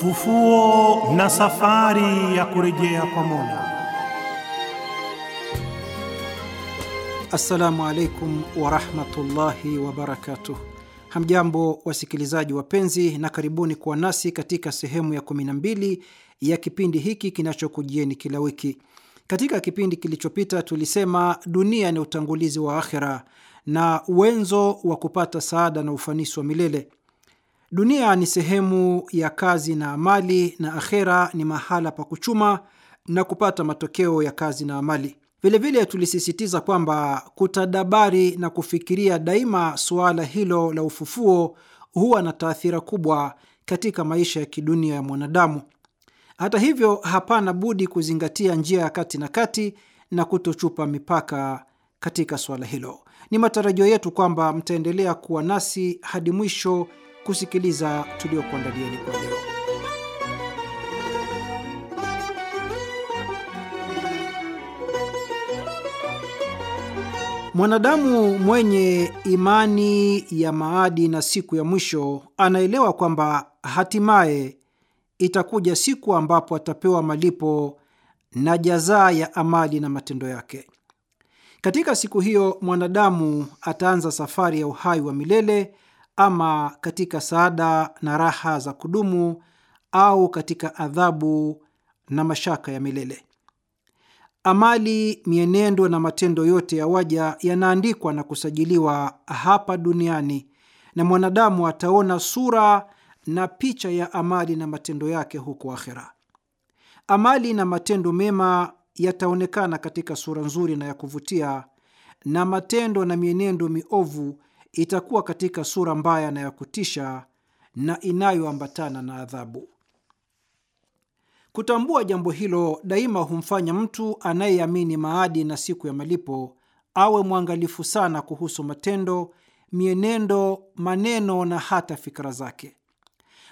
fufuo na safari ya kurejea kwa Mola. Assalamu alaikum warahmatullahi wabarakatuh. Hamjambo wasikilizaji wapenzi, na karibuni kuwa nasi katika sehemu ya 12 ya kipindi hiki kinachokujieni kila wiki. Katika kipindi kilichopita tulisema dunia ni utangulizi wa akhera na uwenzo wa kupata saada na ufanisi wa milele. Dunia ni sehemu ya kazi na amali, na akhera ni mahala pa kuchuma na kupata matokeo ya kazi na amali. Vilevile tulisisitiza kwamba kutadabari na kufikiria daima suala hilo la ufufuo huwa na taathira kubwa katika maisha ya kidunia ya mwanadamu. Hata hivyo, hapana budi kuzingatia njia ya kati na kati na kutochupa mipaka katika suala hilo. Ni matarajio yetu kwamba mtaendelea kuwa nasi hadi mwisho kusikiliza tuliokuandalieni kwa leo. Mwanadamu mwenye imani ya maadi na siku ya mwisho anaelewa kwamba hatimaye itakuja siku ambapo atapewa malipo na jazaa ya amali na matendo yake. Katika siku hiyo, mwanadamu ataanza safari ya uhai wa milele ama katika saada na raha za kudumu au katika adhabu na mashaka ya milele. Amali, mienendo na matendo yote ya waja yanaandikwa na kusajiliwa hapa duniani, na mwanadamu ataona sura na picha ya amali na matendo yake huko akhera. Amali na matendo mema yataonekana katika sura nzuri na ya kuvutia, na matendo na mienendo miovu itakuwa katika sura mbaya na ya kutisha na inayoambatana na adhabu. Kutambua jambo hilo daima humfanya mtu anayeamini maadi na siku ya malipo awe mwangalifu sana kuhusu matendo, mienendo, maneno na hata fikra zake.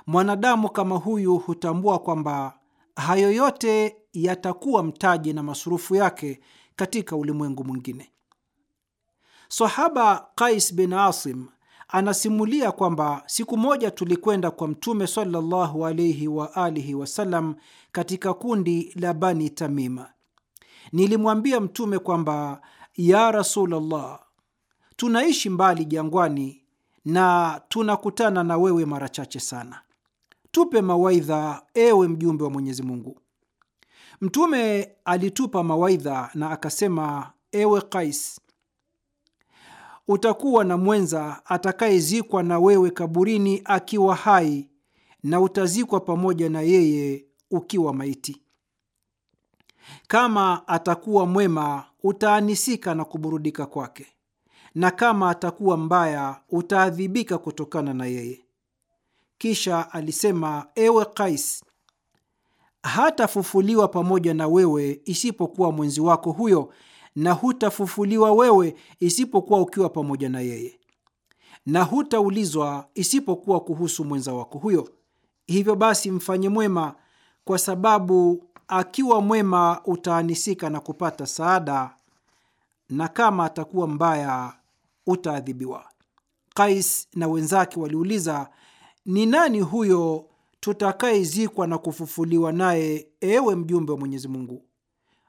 Mwanadamu kama huyu hutambua kwamba hayo yote yatakuwa mtaji na masurufu yake katika ulimwengu mwingine. Sahaba Qais bin Asim anasimulia kwamba siku moja tulikwenda kwa Mtume sallallahu alaihi wa alihi wasallam katika kundi la Bani Tamima. Nilimwambia Mtume kwamba ya Rasulullah, tunaishi mbali jangwani na tunakutana na wewe mara chache sana, tupe mawaidha, ewe mjumbe wa Mwenyezi Mungu. Mtume alitupa mawaidha na akasema, ewe Kais, utakuwa na mwenza atakayezikwa na wewe kaburini akiwa hai, na utazikwa pamoja na yeye ukiwa maiti. Kama atakuwa mwema, utaanisika na kuburudika kwake, na kama atakuwa mbaya, utaadhibika kutokana na yeye. Kisha alisema, ewe Kais, hatafufuliwa pamoja na wewe isipokuwa mwenzi wako huyo na hutafufuliwa wewe isipokuwa ukiwa pamoja na yeye, na hutaulizwa isipokuwa kuhusu mwenza wako huyo. Hivyo basi mfanye mwema, kwa sababu akiwa mwema utaanisika na kupata saada, na kama atakuwa mbaya utaadhibiwa. Kais na wenzake waliuliza, ni nani huyo tutakayezikwa na kufufuliwa naye, ewe mjumbe wa Mwenyezi Mungu?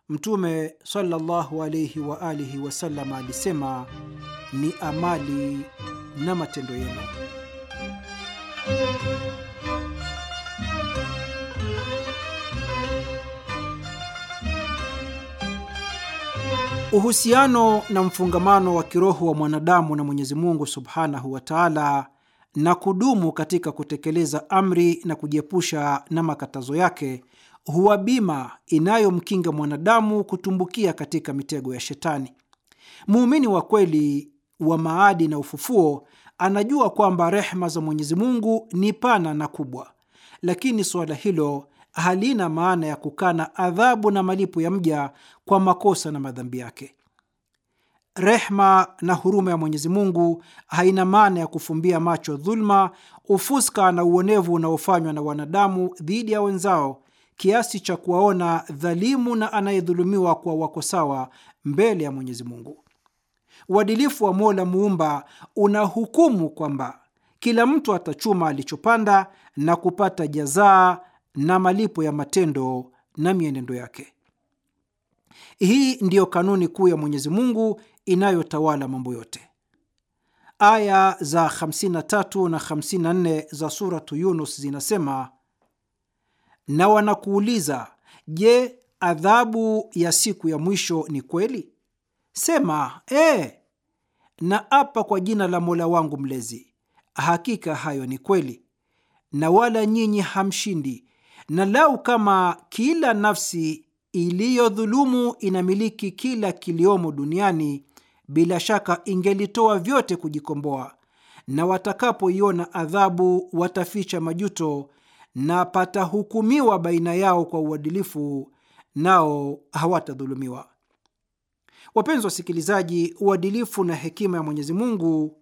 Mtume sallallahu alaihi wa alihi wasallam alisema, ni amali na matendo yenu. Uhusiano na mfungamano wa kiroho wa mwanadamu na Mwenyezi Mungu subhanahu wa taala na kudumu katika kutekeleza amri na kujiepusha na makatazo yake huwa bima inayomkinga mwanadamu kutumbukia katika mitego ya Shetani. Muumini wa kweli wa maadi na ufufuo anajua kwamba rehma za Mwenyezi Mungu ni pana na kubwa, lakini suala hilo halina maana ya kukana adhabu na malipo ya mja kwa makosa na madhambi yake. Rehma na huruma ya Mwenyezi Mungu haina maana ya kufumbia macho dhuluma, ufuska na uonevu unaofanywa na wanadamu dhidi ya wenzao kiasi cha kuwaona dhalimu na anayedhulumiwa kwa wako sawa mbele ya Mwenyezi Mungu. Uadilifu wa Mola Muumba unahukumu kwamba kila mtu atachuma alichopanda na kupata jazaa na malipo ya matendo na mienendo yake. Hii ndiyo kanuni kuu ya Mwenyezi Mungu inayotawala mambo yote. Aya za 53 na 54 za Suratu Yunus zinasema na wanakuuliza, je, adhabu ya siku ya mwisho ni kweli? Sema, ee, na apa kwa jina la Mola wangu Mlezi, hakika hayo ni kweli, na wala nyinyi hamshindi. Na lau kama kila nafsi iliyodhulumu inamiliki kila kiliomo duniani, bila shaka ingelitoa vyote kujikomboa, na watakapoiona adhabu wataficha majuto na patahukumiwa baina yao kwa uadilifu, nao hawatadhulumiwa. Wapenzi wasikilizaji, uadilifu na hekima ya Mwenyezi Mungu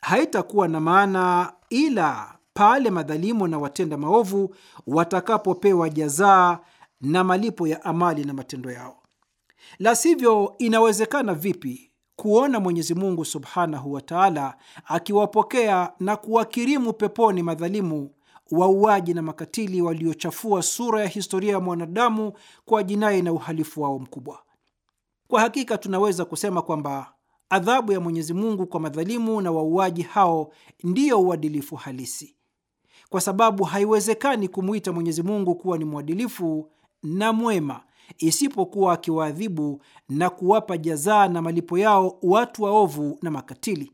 haitakuwa na maana ila pale madhalimu na watenda maovu watakapopewa jazaa na malipo ya amali na matendo yao. La sivyo, inawezekana vipi kuona Mwenyezi Mungu subhanahu wa taala akiwapokea na kuwakirimu peponi madhalimu wauaji na makatili waliochafua sura ya historia ya mwanadamu kwa jinai na uhalifu wao mkubwa. Kwa hakika tunaweza kusema kwamba adhabu ya Mwenyezi Mungu kwa madhalimu na wauaji hao ndiyo uadilifu halisi, kwa sababu haiwezekani kumwita Mwenyezi Mungu kuwa ni mwadilifu na mwema isipokuwa akiwaadhibu na kuwapa jazaa na malipo yao watu waovu na makatili.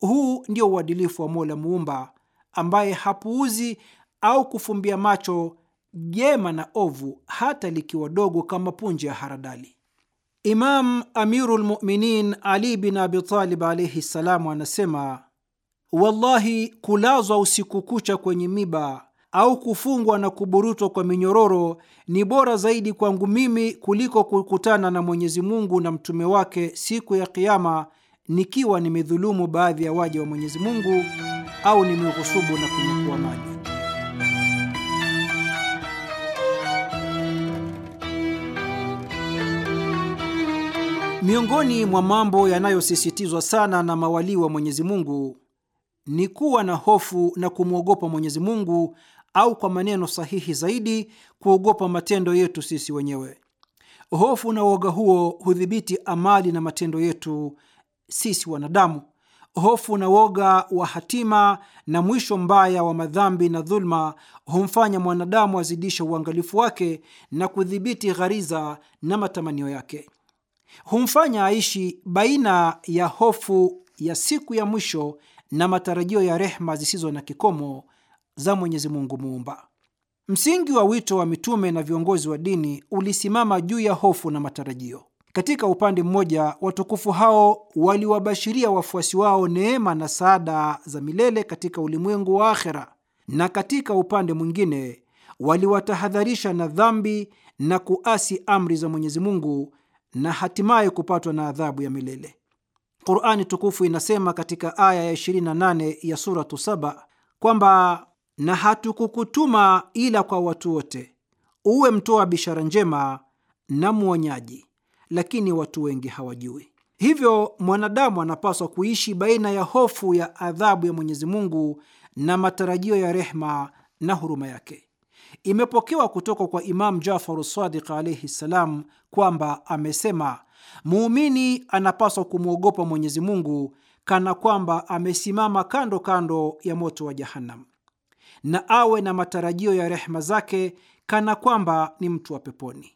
Huu ndio uadilifu wa Mola Muumba ambaye hapuuzi au kufumbia macho jema na ovu hata likiwa dogo kama punje ya haradali. Imam Amiru lmuminin Ali bin Abitalib alaihi ssalamu anasema, wallahi, kulazwa usiku kucha kwenye miba au kufungwa na kuburutwa kwa minyororo ni bora zaidi kwangu mimi kuliko kukutana na Mwenyezi Mungu na mtume wake siku ya Kiama nikiwa nimedhulumu baadhi ya waja wa Mwenyezi Mungu au nimeghusubu na kunyakua mali. Miongoni mwa mambo yanayosisitizwa sana na mawalii wa Mwenyezi Mungu ni kuwa na hofu na kumwogopa Mwenyezi Mungu, au kwa maneno sahihi zaidi, kuogopa matendo yetu sisi wenyewe. Hofu na uoga huo hudhibiti amali na matendo yetu sisi wanadamu. Hofu na woga wa hatima na mwisho mbaya wa madhambi na dhuluma humfanya mwanadamu azidishe uangalifu wake na kudhibiti ghariza na matamanio yake. Humfanya aishi baina ya hofu ya siku ya mwisho na matarajio ya rehma zisizo na kikomo za Mwenyezi Mungu Muumba. Msingi wa wito wa mitume na viongozi wa dini ulisimama juu ya hofu na matarajio. Katika upande mmoja, watukufu hao waliwabashiria wafuasi wao neema na saada za milele katika ulimwengu wa akhera, na katika upande mwingine waliwatahadharisha na dhambi na kuasi amri za Mwenyezi Mungu na hatimaye kupatwa na adhabu ya milele. Qurani tukufu inasema katika aya ya 28 ya suratu Saba kwamba na hatukukutuma ila kwa watu wote uwe mtoa bishara njema na mwonyaji lakini watu wengi hawajui. Hivyo mwanadamu anapaswa kuishi baina ya hofu ya adhabu ya Mwenyezi Mungu na matarajio ya rehma na huruma yake. Imepokewa kutoka kwa Imamu Jafaru Sadiq alaihi ssalam kwamba amesema, muumini anapaswa kumwogopa Mwenyezi Mungu kana kwamba amesimama kando kando ya moto wa Jahannam, na awe na matarajio ya rehma zake kana kwamba ni mtu wa peponi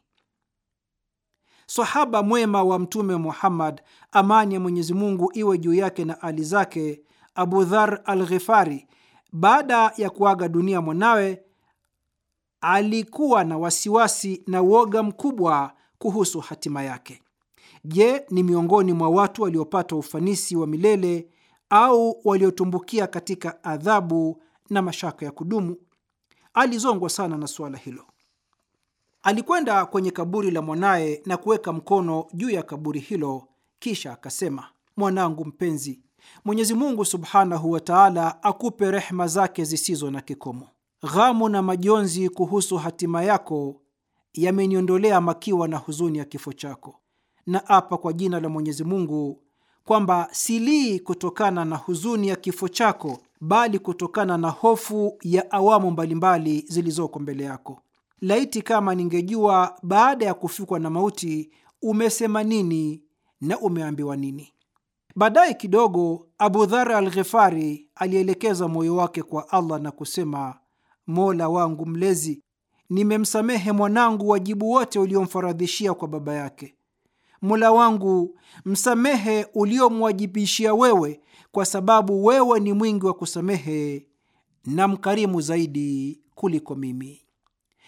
sahaba mwema wa Mtume Muhammad, amani ya Mwenyezi Mungu iwe juu yake na ali zake, Abu Dhar al Ghifari, baada ya kuaga dunia mwanawe, alikuwa na wasiwasi na uoga mkubwa kuhusu hatima yake. Je, ni miongoni mwa watu waliopata ufanisi wa milele au waliotumbukia katika adhabu na mashaka ya kudumu? Alizongwa sana na suala hilo. Alikwenda kwenye kaburi la mwanaye na kuweka mkono juu ya kaburi hilo, kisha akasema: mwanangu mpenzi, Mwenyezi Mungu subhanahu wa taala akupe rehma zake zisizo na kikomo. Ghamu na majonzi kuhusu hatima yako yameniondolea makiwa na huzuni ya kifo chako, na apa kwa jina la Mwenyezi Mungu kwamba silii kutokana na huzuni ya kifo chako, bali kutokana na hofu ya awamu mbalimbali zilizoko mbele yako laiti kama ningejua baada ya kufikwa na mauti umesema nini na umeambiwa nini. Baadaye kidogo, Abu Dhar al Ghifari alielekeza moyo wake kwa Allah na kusema, Mola wangu Mlezi, nimemsamehe mwanangu wajibu wote uliomfaradhishia kwa baba yake. Mola wangu, msamehe uliomwajibishia wewe, kwa sababu wewe ni mwingi wa kusamehe na mkarimu zaidi kuliko mimi.